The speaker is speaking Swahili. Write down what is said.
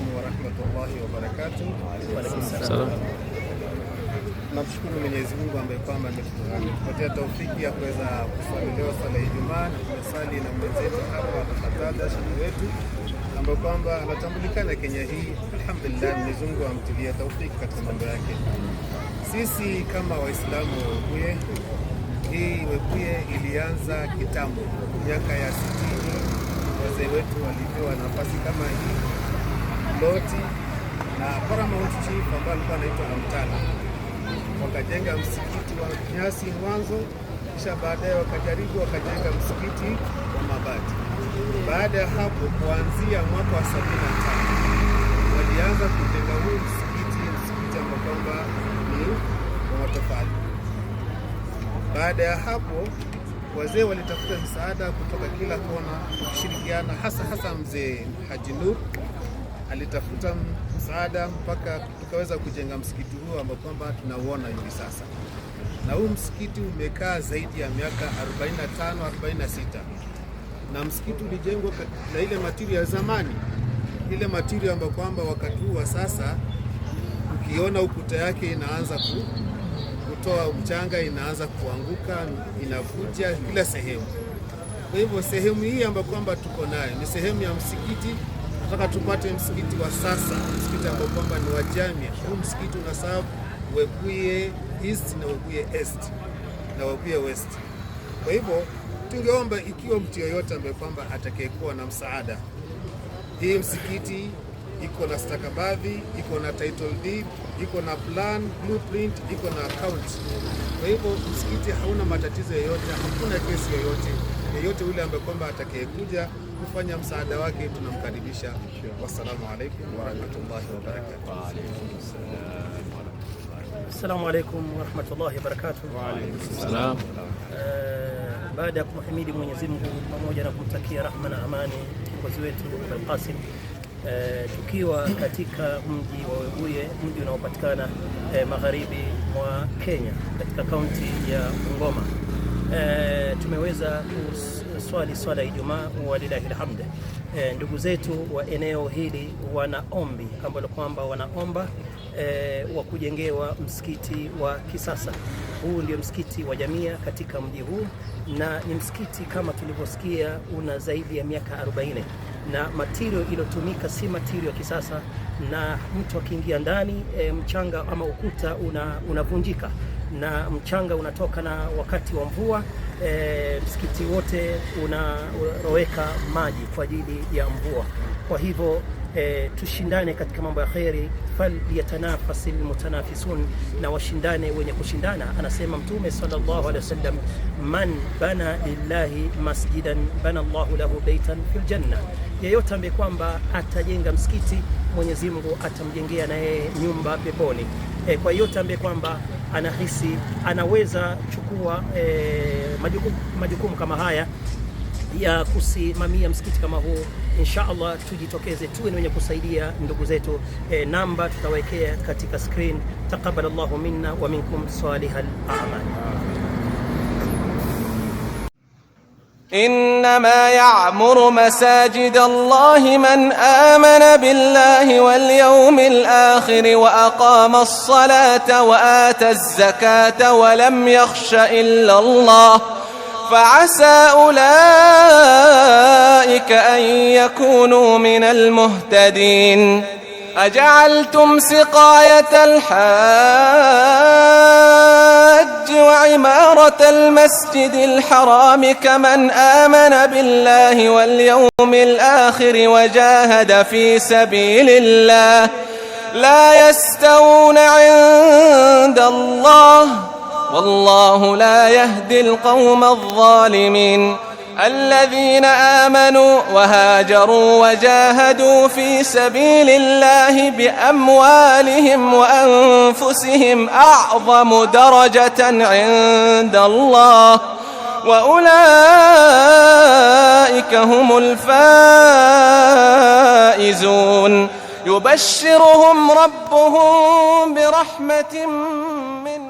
alaikum warahmatullahi wabarakatuh. Namshukuru Mwenyezi Mungu ambaye kwamba ametupatia taufiki ya kuweza kuswali leo sala ya Ijumaa. Tumesali na mwenzetu hapa Abukataada, shehe wetu ambaye kwamba anatambulikana Kenya hii. Alhamdulillah, Mwenyezi Mungu amtilia taufiki katika mambo yake. Sisi kama Waislamu wekuye, hii wekuye ilianza kitambo, miaka ya sitini wazee wetu walipewa nafasi kama hii Loti na Paramount Chief ambaye alikuwa anaitwa Namtana, wakajenga msikiti wa nyasi mwanzo, kisha baadaye wakajaribu wakajenga msikiti wa mabati. Baada ya hapo, kuanzia mwaka wa 75 walianza kujenga huu msikiti, msikiti ambao kwamba ni wa matofali. Baada ya hapo wazee walitafuta msaada kutoka kila kona, kushirikiana hasa hasa mzee Haji Nur alitafuta msaada mpaka tukaweza kujenga msikiti huo ambao kwamba tunauona hivi sasa, na huu msikiti umekaa zaidi ya miaka 45 46, na msikiti ulijengwa na ile matirio ya zamani, ile matirio ambayo kwamba wakati huu wa sasa ukiona ukuta yake inaanza ku, kutoa mchanga, inaanza kuanguka, inavuja kila sehemu. Kwa hivyo sehemu hii ambayo kwamba tuko nayo ni sehemu ya msikiti tunataka tupate msikiti wa sasa, msikiti ambao kwamba ni wa jamia. Huu msikiti sababu wekuye East na Wekuye East na Wekuye West. Kwa hivyo tungeomba ikiwa mtu yoyote ambaye kwamba atakayekuwa na msaada, hii msikiti iko na stakabadhi, iko na title deed, iko na plan blueprint, iko na account. Kwa hivyo msikiti hauna matatizo yoyote, hakuna kesi yoyote yoyote, yule ambaye kwamba atakayekuja kufanya msaada wake, tunamkaribisha. Wassalamu alaikum warahmatullahi wabarakatuh. Assalamu alaikum warahmatullahi wabarakatuh. Wa alaikum salam. Eh, baada ya kumhimidi Mwenyezi Mungu pamoja na kumtakia rahma na amani kiongozi wetu Al-Qasim, eh, tukiwa katika mji wa Webuye, mji unaopatikana e, magharibi mwa Kenya katika kaunti ya Bungoma e, tumeweza kus kuswali swala ya Ijumaa, walilahi alhamd. E, eh, ndugu zetu wa eneo hili wana ombi ambalo kwamba wanaomba e, wa kujengewa msikiti wa kisasa. Huu ndio msikiti wa Jamia katika mji huu, na ni msikiti kama tulivyosikia, una zaidi ya miaka 40 na matirio iliyotumika si matirio ya kisasa, na mtu akiingia ndani e, mchanga ama ukuta unavunjika una na mchanga unatoka na wakati wa mvua e, msikiti wote unaroweka maji kwa ajili ya mvua. Kwa hivyo e, tushindane katika mambo ya kheri, fal yatanafasi lmutanafisun, na washindane wenye kushindana. Anasema Mtume sallallahu alaihi wasallam, man bana lillahi masjidan bana llahu lahu beitan fil janna, yeyote ambaye kwamba atajenga msikiti Mwenyezi Mungu atamjengea na yeye nyumba peponi. E, kwa yote ambaye kwamba anahisi anaweza chukua eh, majukumu, majukumu kama haya ya kusimamia msikiti kama huu. Insha Allah tujitokeze, tuwe ni wenye kusaidia ndugu zetu. E, namba tutawekea katika screen. Taqabbalallahu minna wa minkum salihal a'mal. إنما يعمر مساجد الله من آمن بالله واليوم الآخر وأقام الصلاة وآتى الزكاة ولم يخش إلا الله فعسى أولئك أن يكونوا من المهتدين أجعلتم سقاية الحال عمارة المسجد الحرام كمن آمن بالله واليوم الآخر وجاهد في سبيل الله لا يستوون عند الله والله لا يهدي القوم الظالمين الذين آمنوا وهاجروا وجاهدوا في سبيل الله بأموالهم وأنفسهم أعظم درجة عند الله وأولئك هم الفائزون يبشرهم ربهم برحمة منه